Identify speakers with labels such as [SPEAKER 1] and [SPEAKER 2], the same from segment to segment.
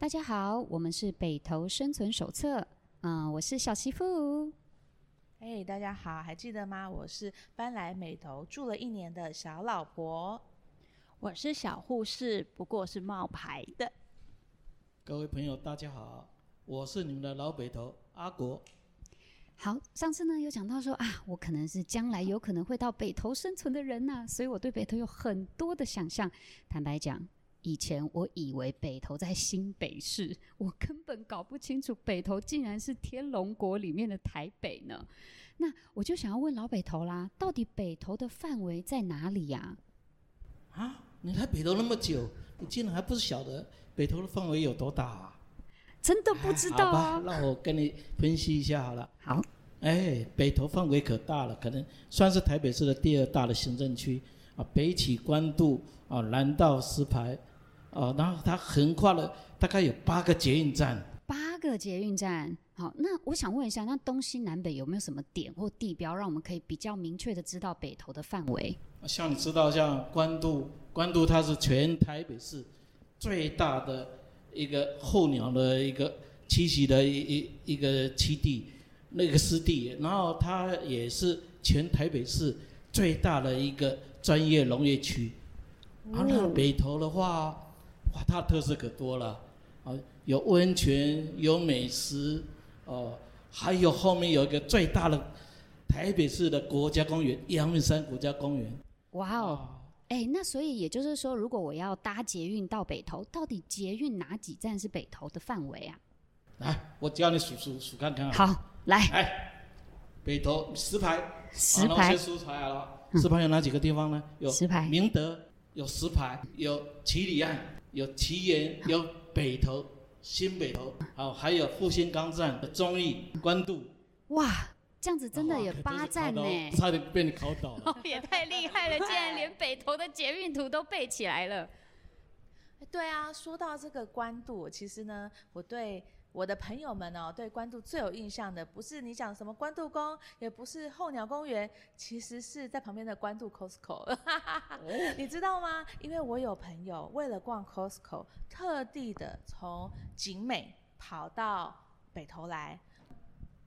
[SPEAKER 1] 大家好，我們是北投生存手冊。嗯，我是小媳婦。嘿
[SPEAKER 2] ，hey, 大家好，還記得嗎？我是搬來北投住了一年的小老婆。我是小護士，不過是冒牌的。
[SPEAKER 3] 各位朋友，大家好，我是你們的老北投阿國。
[SPEAKER 1] 好，上次呢，有講到說啊，我可能是將來有可能會到北投生存的人呢，啊，所以我對北投有很多的想象。坦白講。以前我以為北投在新北市，我根本搞不清楚北投竟然是天龍國裡面的台北呢。那我就想要問老北投啦，到底北投的範圍在哪裡呀？啊？
[SPEAKER 3] 啊，你來北投那麼久，你竟然還不曉得北投的範圍有多大？啊？真的不知道啊。那、哎、我跟你分析一下好了。好。哎，北投範圍可大了，可能算是台北市的第二大的行政區。啊，北起關渡，啊，南到石牌。啊、哦，然後它橫跨了大概有八個捷運站，
[SPEAKER 1] 八個捷運站。好，那我想問一下，那東西南北有沒有什麼點或地標，讓我們可以比較明確的知道北投的範圍？
[SPEAKER 3] 像你知道，像關渡，關渡它是全台北市最大的一個候鳥的一個棲息的一息的一個一個棲地，那個濕地。然後它也是全台北市最大的一個專業農業區。哦、然後北投的話。哇，它的特色可多了，啊、哦，有溫泉，有美食，哦，還有後面有一個最大的台北市的國家公園——陽明山國家公園。
[SPEAKER 1] 哇 Wow, 哦，哎、欸，那所以也就是說，如果我要搭捷運到北投，到底捷運哪幾站是北投的範圍啊？
[SPEAKER 3] 來，我教你數數數看看好。好，來，來北投石牌，石牌，石牌有哪幾個地方呢？有明德石牌，明德，有石牌，有唭哩岸。有奇岩，有北投、新北投，好，還有復興崗站的忠義、關渡。
[SPEAKER 1] 哇，這樣子真的有八站呢！
[SPEAKER 3] 差點被你考倒
[SPEAKER 2] 了。哦，也太厲害了，竟然連北投的捷運圖都背起來了。 對啊，說到這個關渡，其實呢，我對。我的朋友們哦、喔，對關渡最有印象的，不是你講什麼關渡宮，也不是候鳥公園，其實是在旁邊的關渡 Costco， 你知道嗎？因為我有朋友為了逛 Costco，特地的從景美跑到北投來，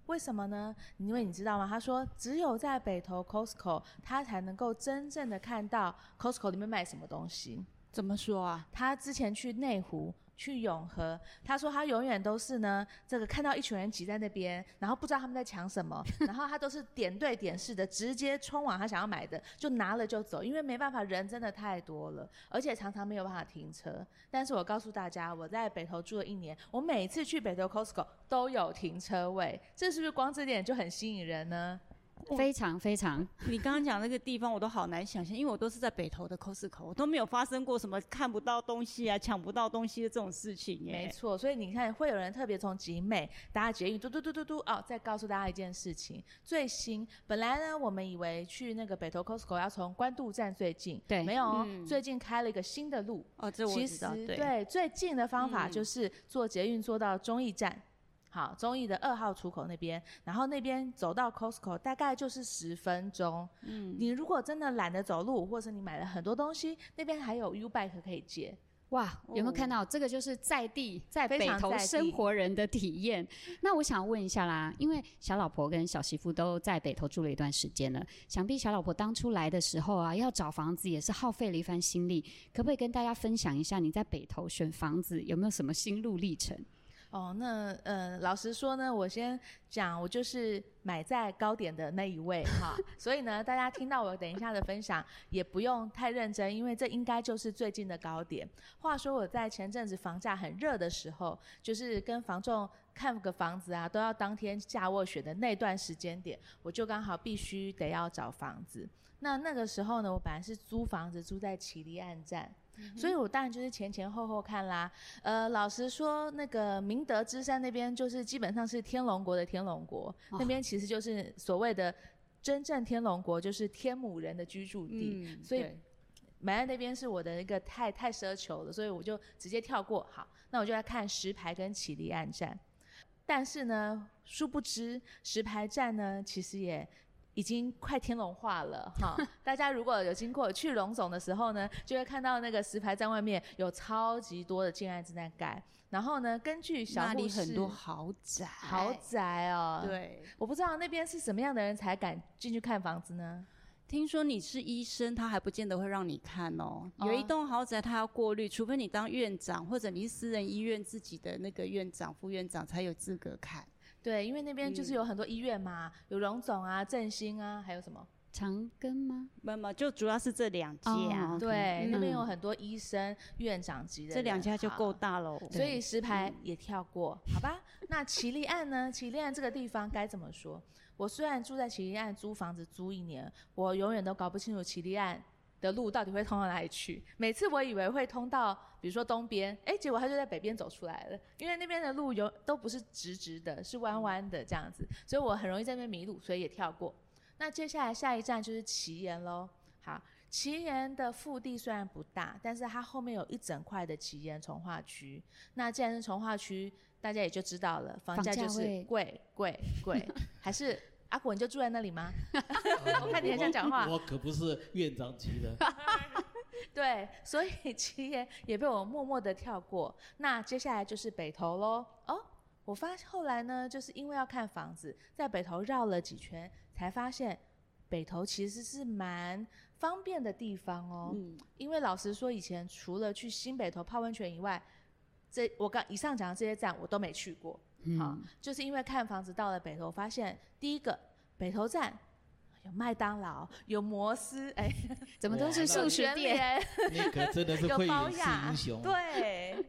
[SPEAKER 2] 為什麼呢？因為你知道嗎？他說，只有在北投 Costco，他才能夠真正的看到 Costco 裡面賣什麼東西。怎麼說啊？他之前去內湖、去永和，他說他永遠都是呢，這個看到一群人擠在那邊，然後不知道他們在搶什麼，然後他都是點對點式的直接衝往他想要買的，就拿了就走，因為沒辦法，人真的太多了，而且常常沒有辦法停車。但是我告訴大家，我在北投住了一年，我每次去北投 Costco 都有停車位，這是不是光這點就很吸引人呢？哦、非常非常，你剛剛講那個地方我都好難想象， 因為我都是在北投的 Costco，我都沒有發生過什麼看不到東西啊、搶不到東西的這種事情耶。沒錯，所以你看會有人特別從景美搭捷運嘟嘟嘟嘟嘟,嘟哦，再告訴大家一件事情，最新本來呢我們以為去那個北投 Costco 要從關渡站最近，對，沒有、哦嗯、最近開了一個新的路哦，這我知道。其實對,對，最近的方法就是坐捷運坐到忠義站。嗯好，忠義的二號出口那邊，然後那邊走到 Costco 大概就是十分鐘。嗯，你如果真的懶得走路，或是你買了很多東西，那邊還有 U Bike 可以借。哇，有沒有看到？嗯、這個就是在地在北投生活
[SPEAKER 1] 人的體驗。那我想問一下啦，因為小老婆跟小媳婦都在北投住了一段時間了，想必小老婆當初來的時候啊，要找房子也是耗費了一番心力。可不可以跟大家分享一下你在北投選房子有沒有什麼心路歷程？
[SPEAKER 2] 哦，那嗯、呃，老實說呢，我先講，我就是買在高點的那一位哈， 所以呢，大家聽到我等一下的分享也不用太認真，因為這應該就是最近的高點。話說我在前陣子房價很熱的時候，就是跟房仲看個房子啊，都要當天下斡旋的那段時間點，我就剛好必須得要找房子。那那個時候呢，我本來是租房子租在唭哩岸站。嗯、所以我當然就是前前後後看啦，呃，老實說，那個明德之山那邊就是基本上是天龍國的天龍國，哦、那邊其實就是所謂的真正天龍國，就是天母人的居住地。嗯、所以，買在對那邊是我的一個太太奢求了，所以我就直接跳過。好，那我就來看石牌跟唭哩岸站，但是呢，殊不知石牌站呢，其實也。已經快天龍化了哈！ 大家如果有經過去龍總的時候呢，就會看到那個石牌站外面有超級多的建案正在蓋。然後呢，根據小李，那裡很多豪宅，豪宅哦，對，我不知道那邊是什麼樣的人才敢進去看房子呢？聽說你是醫生，他還不見得會讓你
[SPEAKER 4] 看哦。哦，有一棟豪宅，他要過濾，除非你當院長或者你是私人醫院自己的那個院長、副院長才有資格看。
[SPEAKER 2] 對，因為那邊就是有很多醫院嘛，有榮總啊、振興啊，還有什麼長庚嗎？
[SPEAKER 4] 沒有，沒有，就主要是這兩家。哦，對，那邊有很
[SPEAKER 2] 多醫生、院長級的。這兩家就夠大了。所以石牌也跳過，好吧？那唭哩岸呢？唭哩岸這個地方該怎麼說？我雖然住在唭哩岸租房子租一年，我永遠都搞不清楚唭哩岸的路到底會通到哪裡去。每次我以為會通到。比如說東邊，哎，結果他就在北邊走出來了，因為那邊的路有都不是直直的，是彎彎的這樣子，所以我很容易在那邊迷路，所以也跳過。那接下來下一站就是奇岩嘍。好，奇岩的腹地雖然不大，但是它後面有一整塊的奇岩重劃區。那既然是重劃區，大家也就知道了，房價就是貴貴貴。貴還是阿果， 啊、你就住在那裡嗎？啊、 我看你很想講話我。我
[SPEAKER 3] 可不是院長級的。
[SPEAKER 2] 對，所以奇岩也被我默默地跳過。那接下來就是北投嘍。哦，我發現後來呢，就是因為要看房子，在北投繞了幾圈，才發現北投其實是蠻方便的地方哦。嗯。因為老實說，以前除了去新北投泡溫泉以外，這我剛以上講的這些站我都沒去過。嗯。好，就是因為看房子到了北投，發現第一個北投站。有麥當勞，有摩斯，哎、欸，怎麼都是數學店，那個真的是會死英雄有。對，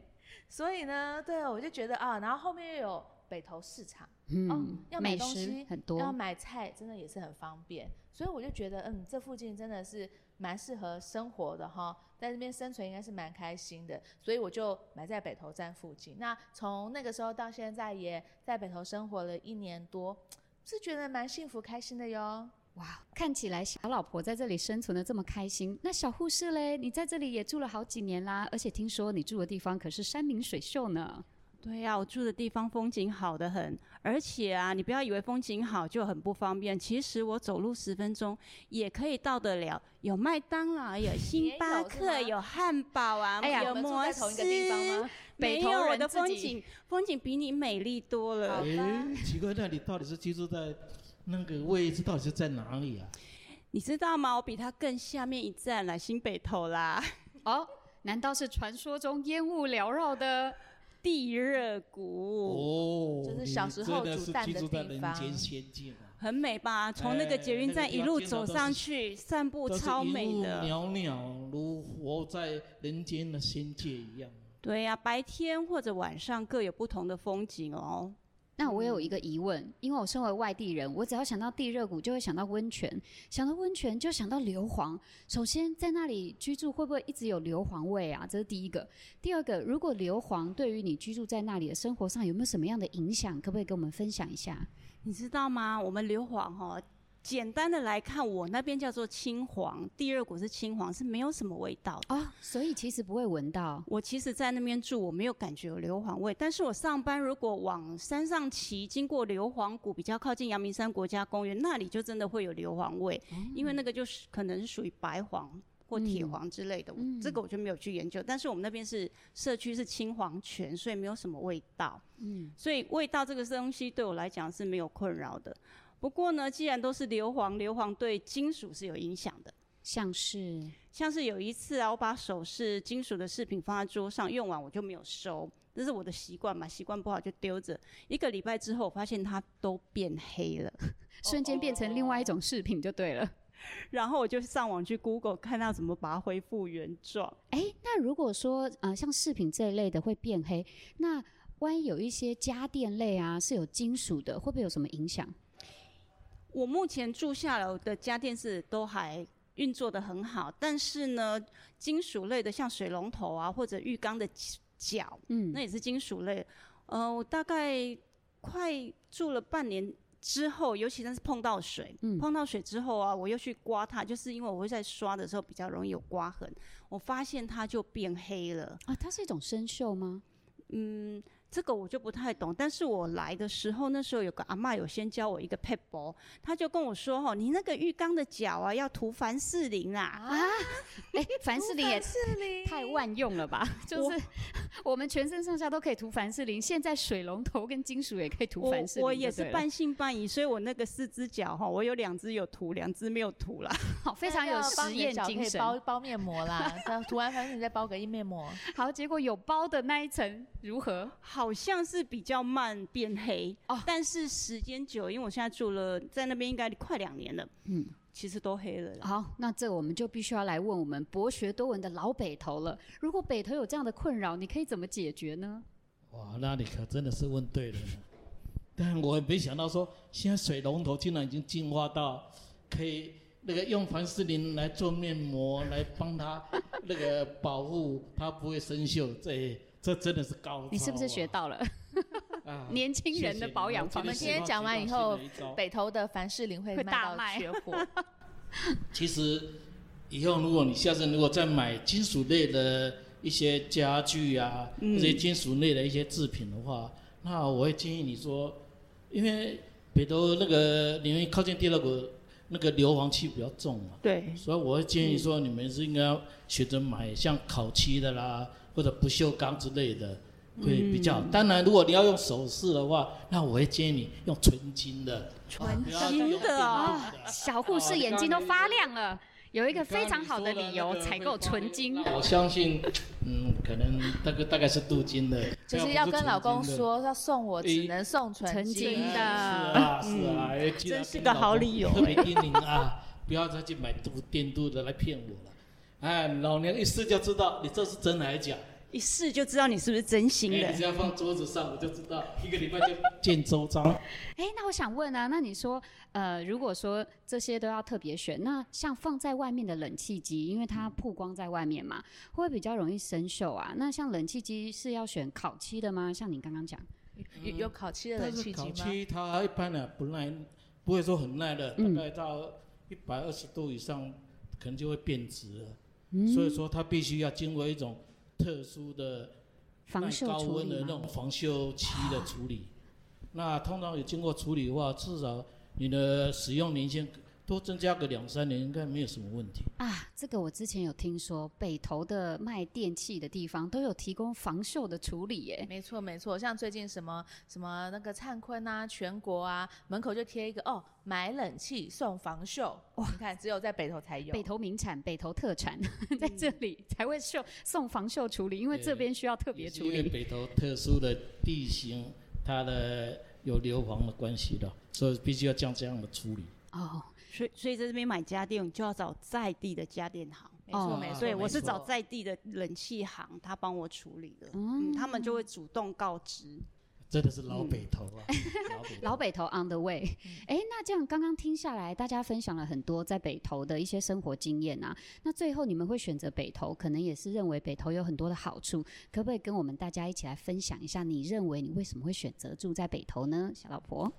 [SPEAKER 2] 所以呢，對，我就覺得啊，然後後面又有北投市場，
[SPEAKER 1] 嗯、哦，要買東西，美食很多要買
[SPEAKER 2] 菜，真的也是很方便。所以我就覺得，嗯，這附近真的是蠻適合生活的哈，在這邊生存應該是蠻開心的。所以我就買在北投站附近。那從那個時候到現在，也在北投生活了一年多，是覺得蠻幸福、開心的喲。
[SPEAKER 1] 哇，看起來小老婆在這裡生存得這麼開心。那小護士嘞，你在這裡也住了好幾年啦，而且聽說你住的地方可是山明水秀呢。
[SPEAKER 4] 對呀、啊，我住的地方風景好得很，而且啊，你不要以為風景好就很不方便，其實我走路十分鐘也可以到得了。有麥當勞，有星巴克，欸、有漢堡啊，哎呀，都在同一個地方嗎？北沒有，我的風景風景比你美麗多了。哎吧、欸，
[SPEAKER 3] 奇怪，那你到底是居住在？那個位置到底是在哪裡啊？
[SPEAKER 4] 你知道嗎？我比他更下面一站來新北投
[SPEAKER 1] 啦。哦，難道是傳說中煙霧繚繞的地熱谷？哦，就是小時候煮蛋的地方。間很美
[SPEAKER 4] 吧？從那個捷運站，一路走上去，欸、那個、散步超美的，
[SPEAKER 3] 裊裊如活在人間的仙界一樣。
[SPEAKER 4] 對呀、啊，白天或者晚上各有不同
[SPEAKER 1] 的風景哦。那我有一個疑問，因為我身為外地人，我只要想到地熱谷，就會想到溫泉，想到溫泉就想到硫磺。首先，在那裡居住會不會一直有硫磺味啊？這是第一個。第二個，如果硫磺對於你居住在那裡的生活上有沒有什麼樣的影響，可不可以跟我們分享一下？你知道嗎？我們硫磺
[SPEAKER 4] 哦。簡單的來看，我那邊叫做青磺，第二股是青磺，是沒有什麼味道的啊、哦。所以其實不會聞到。我其實，在那邊住，我沒有感覺有硫磺味。但是我上班如果往山上騎，經過硫磺谷，比較靠近陽明山國家公園，那裡就真的會有硫磺味，嗯、因為那個就是可能是屬於白磺或鐵磺之類的。嗯、這個我就沒有去研究。嗯、但是我們那邊是社區是青磺泉，所以沒有什麼味道。嗯，所以味道這個東西對我來講是沒有困擾的。不過呢，既然都是硫磺，硫磺對金屬是有影響的，像是像是有一次啊，我把首飾、金屬的飾品放在桌上，用完我就沒有收，這是我的習慣嘛，習慣不好就丟着。一個禮拜之後，我發現它都變黑了， 瞬間變成另外一種飾品就對了。哦哦哦 然後我就上網去 Google 看到怎麼把它恢復
[SPEAKER 1] 原狀。誒，那如果說呃，像飾品這一類的會變黑，那萬一有一些家電類啊是有金屬的，會不會有什麼影響？
[SPEAKER 4] 我目前住下來的家電是都還運作得很好，但是呢，金屬類的像水龍頭啊，或者浴缸的腳，嗯，那也是金屬類的。呃，我大概快住了半年之後，尤其是碰到水，嗯，碰到水之後啊，我又去刮它，就是因為我會在刷的時候比較容易有刮痕，我發現它就變黑了。啊，它是一種生鏽嗎？嗯。這個我就不太懂，但是我來的時候，那時候有個阿媽有先教我一個撇步，他就跟我說：哦、喔，你那個浴缸的腳啊，要塗凡士林啊！啊，哎、欸，凡士林也凡士林
[SPEAKER 1] 太萬用了吧！就是我，我們全身上下都可以塗凡士林，現在水龍頭跟金屬也可以塗凡
[SPEAKER 4] 士林我。我也是半
[SPEAKER 1] 信半疑，所以我那個四隻腳
[SPEAKER 4] 哈，我有兩隻有塗，兩隻沒有塗啦。
[SPEAKER 2] 好，非常有實驗精神，可以包包面膜啦，塗 完凡士林再包個一面膜。好，結果有包的那一層如何？好。好
[SPEAKER 4] 像是比較慢變黑，哦、但是時間久，因為我現在住了，在那邊應該快兩年了。嗯，其
[SPEAKER 1] 實都黑了。好，那這我們就必須要來問我們博學多聞的老北投了。如果北投有這樣的困擾，你可以怎麼解決呢？
[SPEAKER 3] 哇，那你可真的是問對了。但我也沒想到說，現在水龍頭竟然已經進化到可以那個用凡士林來做面膜來幫他那個保護它 不會生鏽。這。這真的是高，啊！你
[SPEAKER 2] 是不是學到
[SPEAKER 3] 了？
[SPEAKER 4] 啊、 年輕
[SPEAKER 2] 人的保養房子謝謝，我們今天講完以後，北投的凡士林會賣會大賣
[SPEAKER 3] 其實以後如果你下次如果再買金屬類的一些家具啊，這些、嗯、金屬類的一些制品的話，那我會建議你說，因為北投那個你們靠近第二個，那個硫磺氣比較重嘛，對，所以我會建議你說、嗯、你們是應該要選擇買像烤漆的啦。或者不鏽鋼之類的，
[SPEAKER 2] 會比較。
[SPEAKER 3] 當然，如果你要用手飾的話，那我會建議你用純金的。純
[SPEAKER 2] 金的
[SPEAKER 1] 小護士眼睛都發亮了，有一個非常好的理由採購純
[SPEAKER 2] 金。我相
[SPEAKER 3] 信，嗯，可能大概大概是鍍金的。就是要跟
[SPEAKER 2] 老公說，要送我只能送純金的。
[SPEAKER 3] 是啊是啊，真是的好理由。不要再去買鍍電鍍的來騙我了。哎，老娘一試就知道你這是真還是假。一試就知道你是不是真心的。欸。你只要放桌子上，我就知道， 一個禮拜就見周章。
[SPEAKER 1] 哎， 欸，那我想問啊，那你說，呃，如果說這些都要特別選，那像放在外面的冷氣機，因為它曝光在外面嘛，嗯、會不會比較容易生銹啊。那像冷氣機是要選烤漆的嗎？像你剛剛講，有、嗯、有烤漆的冷
[SPEAKER 2] 氣機嗎？烤漆
[SPEAKER 3] 它一般呢，啊，不耐，不會說很耐熱的，大概到一百二十度以上，嗯，可能就會變質了。嗯、所以說，它必須要經過一種特殊的耐高溫的那種防鏽漆的處理。處理那通常有經過處理的話，至少你的使用年限，多增加個兩三年，應該沒有什麼問題
[SPEAKER 1] 啊。這個我之前有聽說，
[SPEAKER 2] 北投的賣電器的地方都有提供防銹的處理耶。沒錯沒錯，像最近什麼什麼那個燦坤啊、全國啊，門口就貼一個哦，買冷氣送防銹。哇，你看，只有在北投才有。北投名產，北投特產，嗯、在這
[SPEAKER 1] 裡才會送送防銹處理，因為這邊需要特別處理。因為
[SPEAKER 3] 北投特殊的地形，它的有硫磺的關係的，所以必須要將這樣的處理。
[SPEAKER 4] 哦。所以，所以在這邊買家電，你就要找在地的家電行。哦、沒錯，沒錯，所以我是找在地的冷氣行，嗯、他幫我處理的。嗯，嗯他們就會主動告知。
[SPEAKER 3] 真的是老北投
[SPEAKER 1] 啊！嗯、 老北投 on the way。哎、欸，那這樣剛剛聽下來，大家分享了很多在北投的一些生活經驗啊。那最後你們會選擇北投，可能也是認為北投有很多的好處。可不可以跟我們大家一起來分享一下，你認為你為什麼會選擇住在北投呢？小老婆。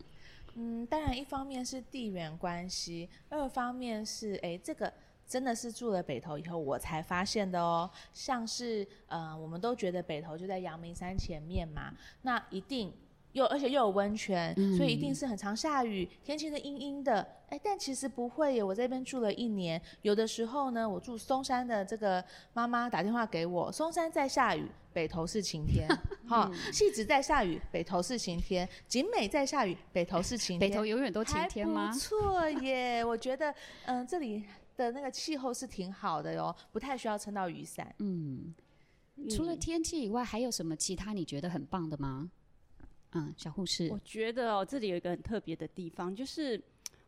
[SPEAKER 2] 嗯，當然，一方面是地緣關係，二方面是，哎、欸，這個真的是住了北投以後我才發現的哦，像是，呃，我們都覺得北投就在陽明山前面嘛，那一定。又而且又有溫泉，嗯、所以一定是很常下雨，天氣是陰陰的。哎、欸，但其實不會耶。我在這邊住了一年，有的時候呢，我住松山的這個媽媽打電話給我，松山在下雨，北投是晴天。哈、 嗯，汐止在下雨，北投是晴天，景美在下雨，北投是晴天。北投永遠都晴天嗎？還不錯耶，我覺得，嗯、呃，這裡的那個氣候是挺好的喲，不太需要撐到雨傘。嗯，嗯
[SPEAKER 1] 除了天氣以外，還有什麼其他你覺得很棒的嗎？嗯，小護士。我
[SPEAKER 4] 覺得哦、喔，這裡有一個很特別的地方，就是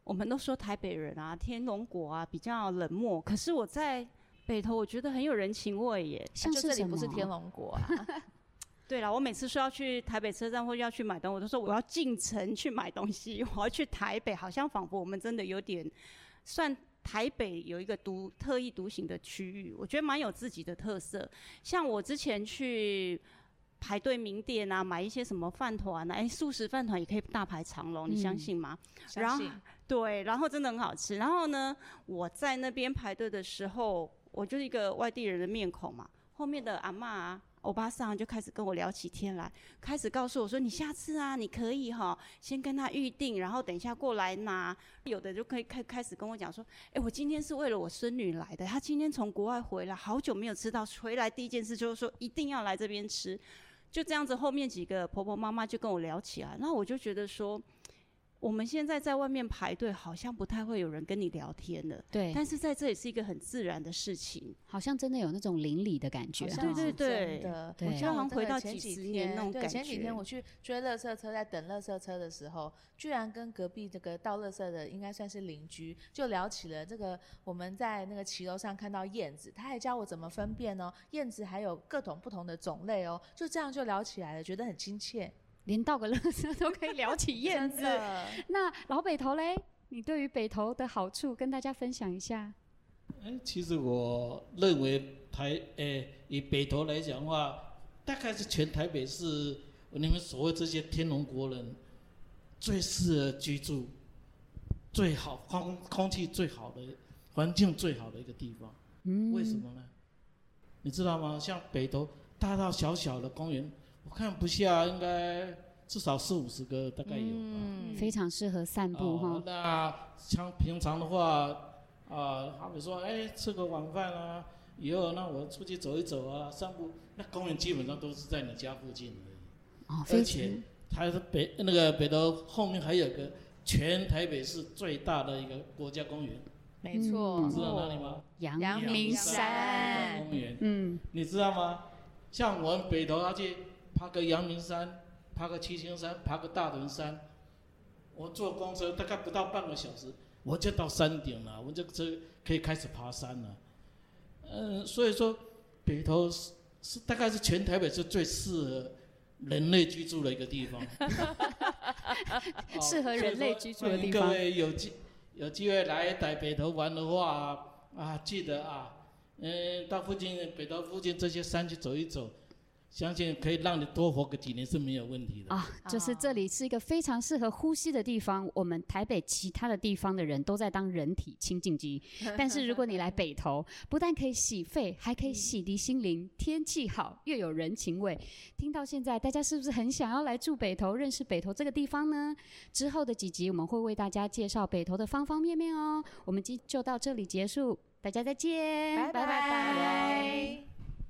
[SPEAKER 4] 我們都說台北人啊、天龍國啊比較冷漠，可是我在北投我覺得很有人情味耶。像是什麼？啊就這裡不是天龍國啊。 對了，我每次說要去台北車站或要去買東西，我都說我要進城去買東西，我要去台北，好像仿佛我們真的有點算台北有一個獨特異獨行的區域，我覺得蠻有自己的特色。像我之前去。排隊名店啊，買一些什麼飯糰啊？哎、欸，素食飯糰也可以大排長龍，嗯、你相信嗎？相信。然後對，然後真的很好吃。然後呢，我在那邊排隊的時候，我就是一個外地人的面孔嘛，後面的阿嬤、啊、歐巴桑就開始跟我聊起天來，開始告訴我說：“你下次啊，你可以哈、哦，先跟他預定，然後等一下過來拿。”有的就可以開開始跟我講說：“哎，我今天是為了我孫女來的，她今天從國外回來，好久沒有吃到，回來第一件事就是說一定要來這邊吃。”就這樣子，後面幾個婆婆媽媽就跟我聊起來，那我就覺得說。我們現在在外面排隊，好像不太會有人跟你聊天了。對。但是在這裡是一個很自然的事情。
[SPEAKER 1] 好像真的有那種鄰里的感覺。對對對。哦、對我好像回到幾十年這前幾天那種感覺。前幾天我
[SPEAKER 2] 去追垃圾車，在等垃圾車的時候，居然跟隔壁那、這個倒垃圾的，應該算是鄰居，就聊起了這個。我們在那個騎樓上看到燕子，他還教我怎麼分辨呢，、哦、燕子還有各種不同的種類哦，就這樣就聊起來了，覺得很親切。連道個樂子都可以聊起燕子，那老北投嘞？你對於
[SPEAKER 1] 北投的好處跟大家分享一下。
[SPEAKER 3] 其實我認為台，哎、欸，以北投來講的話，大概是全台北市，你們所謂這些天龍國人，最適合居住，最好空空氣最好的環境最好的一個地方。
[SPEAKER 1] 嗯。為什麼
[SPEAKER 3] 呢？你知道嗎？像北投大到小小的公園。我看不下，應該至少四五十個，大概有吧。嗯，
[SPEAKER 1] 非常適合散步哈、哦。那
[SPEAKER 3] 像平常的話，啊、呃，好比說，哎、欸，吃個晚飯啊，以後那我出去走一走啊，散步。那公園基本上都是在你家附近而已。哦，
[SPEAKER 1] 而且
[SPEAKER 3] 台，還是北那個北投，後面還有個全台北市最大的一個國家公園。
[SPEAKER 2] 沒錯、嗯。知道哪裡嗎？陽明山
[SPEAKER 3] 公園。嗯。你知道嗎？像我們北投那些。爬個陽明山，爬個七星山，爬個大屯山，我坐公車大概不到半個小時，我就到山頂了，我個就可以開始爬山了。嗯，所以說北投是是大概是全台北是最適合人類居住的一個地方。 哦、
[SPEAKER 1] 適合人類居住的地方。各位
[SPEAKER 3] 有機有機會來台北投玩的話啊，記得啊，嗯、呃，到附近北投附近這些山去走一走。相信可以讓你多活個幾年是沒有問
[SPEAKER 1] 題的啊！Oh, 就是這裡是一個非常適合呼吸的地方。Oh. 我們台北其他的地方的人都在當人體清淨機， 但是如果你來北投，不但可以洗肺，還可以洗滌心靈。天氣好，又有人情味。聽到現在，大家是不是很想要來住北投，認識北投這個地方呢？之後的幾集我們會為大家介紹北投的方方面面哦。我們今就到這裡結束，大家再見，拜拜拜拜。